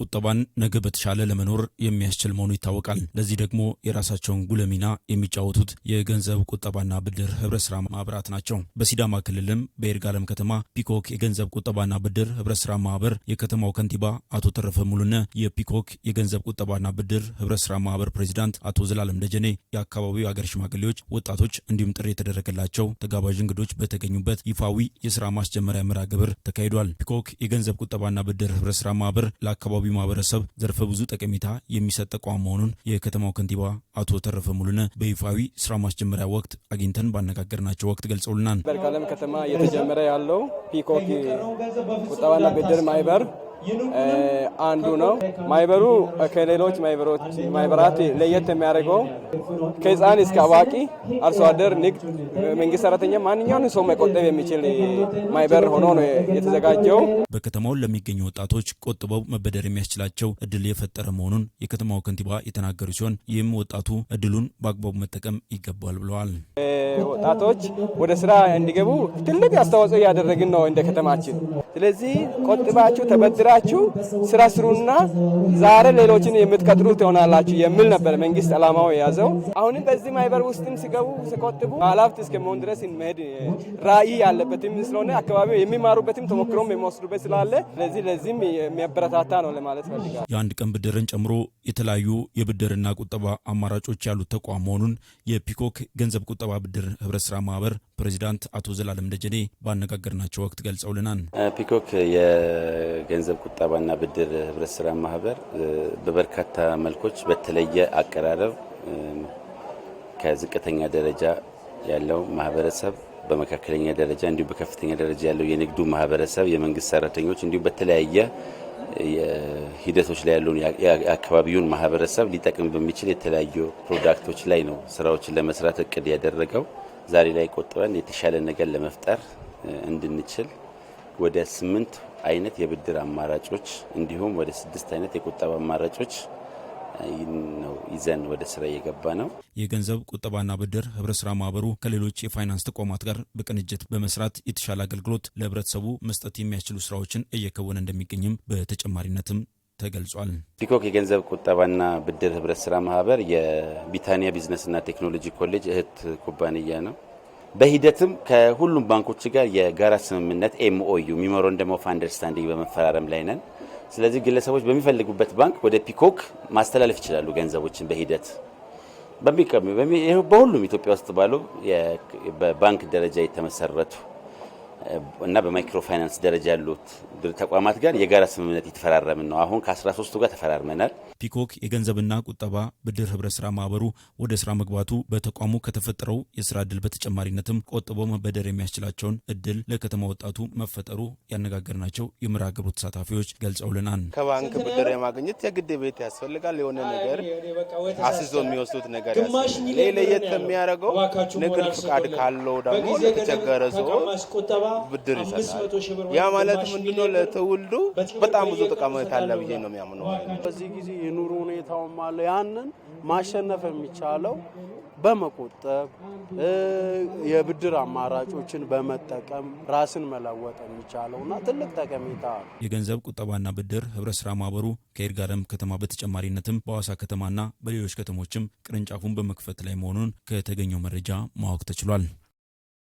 ቁጠባን ነገ በተሻለ ለመኖር የሚያስችል መሆኑ ይታወቃል። ለዚህ ደግሞ የራሳቸውን ጉልህ ሚና የሚጫወቱት የገንዘብ ቁጠባና ብድር ህብረት ስራ ማህበራት ናቸው። በሲዳማ ክልልም በይርጋለም ከተማ ፒኮክ የገንዘብ ቁጠባና ብድር ህብረት ስራ ማህበር የከተማው ከንቲባ አቶ ተረፈ ሙሉነ፣ የፒኮክ የገንዘብ ቁጠባና ብድር ህብረት ስራ ማህበር ፕሬዚዳንት አቶ ዘላለም ደጀኔ፣ የአካባቢው የአገር ሽማግሌዎች፣ ወጣቶች እንዲሁም ጥሪ የተደረገላቸው ተጋባዥ እንግዶች በተገኙበት ይፋዊ የስራ ማስጀመሪያ መርሃ ግብር ተካሂዷል። ፒኮክ የገንዘብ ቁጠባና ብድር ህብረት ስራ ማህበር ለአካባቢ ለአካባቢው ማህበረሰብ ዘርፈ ብዙ ጠቀሜታ የሚሰጥ ተቋም መሆኑን የከተማው ከንቲባ አቶ ተረፈ ሙሉነ በይፋዊ ስራ ማስጀመሪያ ወቅት አግኝተን ባነጋገርናቸው ወቅት ገልጸውልናል። በርካለም ከተማ እየተጀመረ ያለው ፒኮክ ቁጠባና ብድር ማህበር አንዱ ነው። ማይበሩ ከሌሎች ማይበራት ለየት የሚያደርገው ከህፃን እስከ አዋቂ አርሶ አደር፣ ንግድ፣ መንግስት ሰራተኛ ማንኛውን ሰው መቆጠብ የሚችል ማይበር ሆኖ ነው የተዘጋጀው። በከተማው ለሚገኙ ወጣቶች ቆጥበው መበደር የሚያስችላቸው እድል የፈጠረ መሆኑን የከተማው ከንቲባ የተናገሩ ሲሆን ይህም ወጣቱ እድሉን በአግባቡ መጠቀም ይገባል ብለዋል። ወጣቶች ወደ ስራ እንዲገቡ ትልቅ አስተዋጽኦ እያደረግን ነው እንደ ከተማችን። ስለዚህ ቆጥባችሁ ተበድራ ከቻላችሁ ስራ ስሩና ዛሬ ሌሎችን የምትቀጥሩ ትሆናላችሁ የሚል ነበር መንግስት አላማው የያዘው። አሁንም በዚህ ማይበር ውስጥም ሲገቡ ሲቆጥቡ ሀላፍት እስከመሆን ድረስ መሄድ ራዕይ ያለበትም ስለሆነ አካባቢው የሚማሩበትም ተሞክሮም የሚወስዱበት ስላለ ለዚህ ለዚህም የሚያበረታታ ነው ለማለት ፈልጋል። የአንድ ቀን ብድርን ጨምሮ የተለያዩ የብድርና ቁጠባ አማራጮች ያሉት ተቋም መሆኑን የፒኮክ ገንዘብ ቁጠባ ብድር ህብረት ስራ ማህበር ፕሬዚዳንት አቶ ዘላለም ደጀኔ ባነጋገርናቸው ወቅት ገልጸውልናል። ፒኮክ የገንዘብ ቁጠባና ብድር ህብረት ስራ ማህበር በበርካታ መልኮች በተለየ አቀራረብ ከዝቅተኛ ደረጃ ያለው ማህበረሰብ በመካከለኛ ደረጃ እንዲሁም በከፍተኛ ደረጃ ያለው የንግዱ ማህበረሰብ፣ የመንግስት ሰራተኞች እንዲሁም በተለያየ ሂደቶች ላይ ያለውን የአካባቢውን ማህበረሰብ ሊጠቅም በሚችል የተለያዩ ፕሮዳክቶች ላይ ነው ስራዎችን ለመስራት እቅድ ያደረገው። ዛሬ ላይ ቆጥበን የተሻለ ነገር ለመፍጠር እንድንችል ወደ ስምንት አይነት የብድር አማራጮች እንዲሁም ወደ ስድስት አይነት የቁጠባ አማራጮች ነው ይዘን ወደ ስራ እየገባ ነው። የገንዘብ ቁጠባና ብድር ህብረ ስራ ማህበሩ ከሌሎች የፋይናንስ ተቋማት ጋር በቅንጅት በመስራት የተሻለ አገልግሎት ለህብረተሰቡ መስጠት የሚያስችሉ ስራዎችን እየከወነ እንደሚገኝም በተጨማሪነትም ተገልጿል። ፒኮክ የገንዘብ ቁጠባና ብድር ህብረት ስራ ማህበር የቢታንያ ቢዝነስና ቴክኖሎጂ ኮሌጅ እህት ኩባንያ ነው። በሂደትም ከሁሉም ባንኮች ጋር የጋራ ስምምነት ኤምኦዩ ሚሞራንደም ኦፍ አንደርስታንዲንግ በመፈራረም ላይ ነን። ስለዚህ ግለሰቦች በሚፈልጉበት ባንክ ወደ ፒኮክ ማስተላለፍ ይችላሉ ገንዘቦችን በሂደት በሚቀሚ በሁሉም ኢትዮጵያ ውስጥ ባሉ በባንክ ደረጃ የተመሰረቱ እና በማይክሮ ፋይናንስ ደረጃ ያሉት ተቋማት ጋር የጋራ ስምምነት የተፈራረምን ነው። አሁን ከ 13 ጋር ተፈራርመናል። ፒኮክ የገንዘብና ቁጠባ ብድር ህብረት ስራ ማህበሩ ወደ ስራ መግባቱ በተቋሙ ከተፈጠረው የስራ እድል በተጨማሪነትም ቆጥቦ መበደር የሚያስችላቸውን እድል ለከተማ ወጣቱ መፈጠሩ ያነጋገርናቸው የምራ ግብሩ ተሳታፊዎች ገልጸውልናል። ከባንክ ብድር የማግኘት የግድ ቤት ያስፈልጋል። የሆነ ነገር አስዞ የሚወስዱት ነገር ለየት የሚያደርገው ንግድ ፍቃድ ካለው ደግሞ ለተቸገረ ሰው ብድር ይሰጣል። ያ ማለት ምንድነው? ለትውልዱ በጣም ብዙ ጠቀሜታ አለ ብዬ ነው የሚያምነው። በዚህ ጊዜ የኑሮ ሁኔታውም አለ። ያንን ማሸነፍ የሚቻለው በመቆጠብ የብድር አማራጮችን በመጠቀም ራስን መለወጥ የሚቻለውና ትልቅ ጠቀሜታ የገንዘብ ቁጠባና ብድር ህብረት ስራ ማህበሩ ከይርጋለም ከተማ በተጨማሪነትም በሐዋሳ ከተማና በሌሎች ከተሞችም ቅርንጫፉን በመክፈት ላይ መሆኑን ከተገኘው መረጃ ማወቅ ተችሏል።